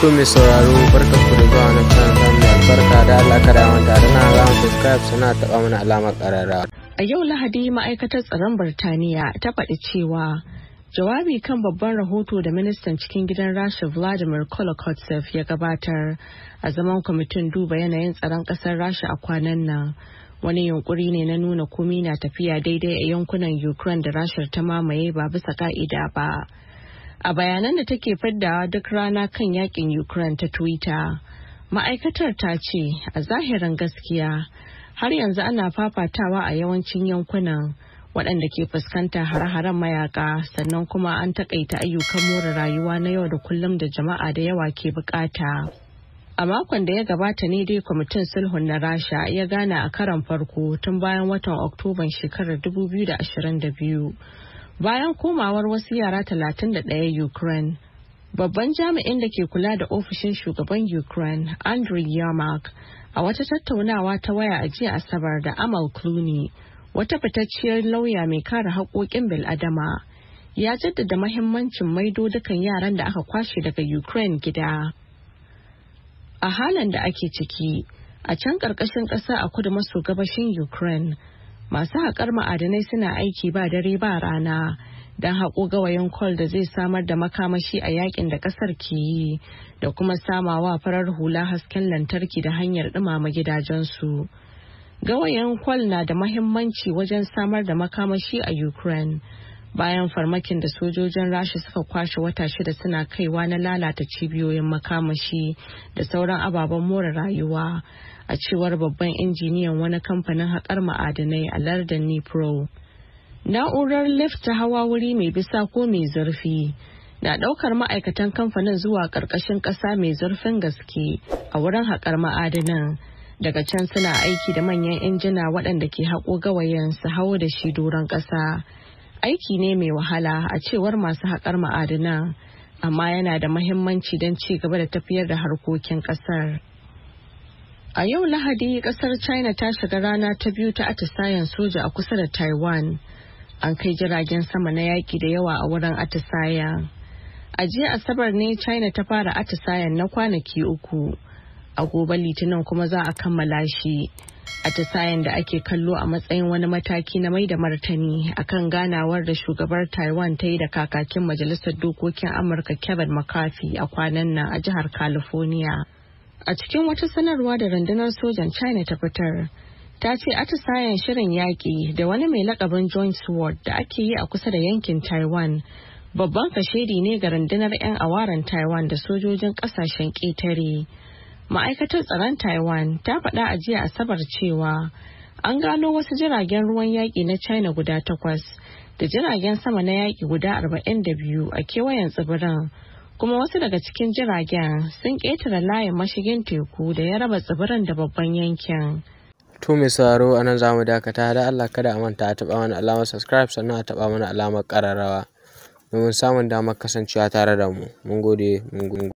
ku mai sauraro barka ku da zuwa na kan samun albarka da Allah ka da wanda da na alamar subscribe suna taɓa mana alamar ƙararrawa. A yau Lahadi ma'aikatar tsaron Birtaniya ta faɗi cewa jawabi kan babban rahoto da ministan cikin gidan Rasha Vladimir Kolokotsev ya gabatar a zaman kwamitin duba yanayin tsaron ƙasar Rasha a kwanan nan. wani yunkuri ne na nuna komi na tafiya daidai a yankunan ukraine da rasha ta mamaye ba bisa ka'ida ba a bayanan da take fiddawa duk rana kan yakin ukraine ta twitter ma'aikatar ta ce a zahirin gaskiya har yanzu ana fafatawa a yawancin yankunan waɗanda ke fuskantar hare-haren mayaka sannan kuma an takaita ayyukan more rayuwa na yau da kullum da jama'a da yawa ke bukata a makon da ya gabata ne dai kwamitin sulhun na rasha ya gana a karan farko tun bayan watan oktoban shekarar 2022 bayan komawar wasu yara 31 ukraine babban jami'in da ke kula da ofishin shugaban ukraine andriy yarmark a wata tattaunawa ta waya a jiya asabar da amal clooney wata fitacciyar lauya mai kare haƙoƙin bil'adama ya jaddada mahimmancin maido dukan yaran da aka kwashe daga ukraine gida a halin da ake ciki a can ƙarƙashin ƙasa a kudu maso gabashin ukraine masu haƙar ma'adanai suna aiki ba dare ba rana don haƙo gawayin kwal da zai samar da makamashi a yakin da ƙasar ke yi da kuma samawa farar hula hasken lantarki da hanyar ɗumama gidajensu. gawayen kwal na da mahimmanci wajen samar da makamashi a Ukraine bayan farmakin da sojojin rasha suka kwashe wata shida suna kaiwa na lalata cibiyoyin makamashi da sauran ababen more rayuwa a cewar babban injiniyan wani kamfanin haƙar ma'adinai a lardin nipro na'urar lift ta hawa wuri mai bisa ko mai zurfi na ɗaukar ma'aikatan kamfanin zuwa ƙarƙashin ƙasa mai zurfin gaske a wurin haƙar ma'adinan daga can suna aiki da manyan injina waɗanda ke haƙo gawayin su hau da shi doron ƙasa aiki ne mai wahala a cewar masu haƙar ma'adinan amma yana da mahimmanci don ci gaba da tafiyar da harkokin ƙasar. A yau Lahadi ƙasar China ta shiga rana ta biyu ta atisayen soja a kusa da Taiwan. An kai jiragen sama na yaƙi da yawa a wurin atisaya. A jiya Asabar ne China ta fara atisayen na kwanaki uku. A gobe Litinin kuma za a kammala shi. atisayen da ake kallo a matsayin wani mataki na mai da martani akan ganawar da shugabar taiwan ta yi da kakakin majalisar dokokin amurka kevin mccarthy a kwanan nan a jihar california a cikin wata sanarwa da rundunar sojan china ta fitar ta ce atisayen shirin yaƙi da wani mai lakabin joint sword da ake yi a kusa da yankin taiwan babban kashedi ne ga rundunar 'yan awaran taiwan da sojojin ƙasashen ƙetare. ma'aikatar tsaron taiwan ta faɗa a jiya asabar cewa an gano wasu jiragen ruwan yaƙi na china guda takwas da jiragen sama na yaƙi guda 42 a kewayen tsibirin kuma wasu daga cikin jiragen sun ƙetare layin mashigin teku da ya raba tsibirin da babban yankin to mai sauraro a nan zamu dakata da allah kada a manta a taɓa mana alamar subscribe sannan a taɓa mana alamar ƙararrawa domin samun damar kasancewa tare da mu mun gode mun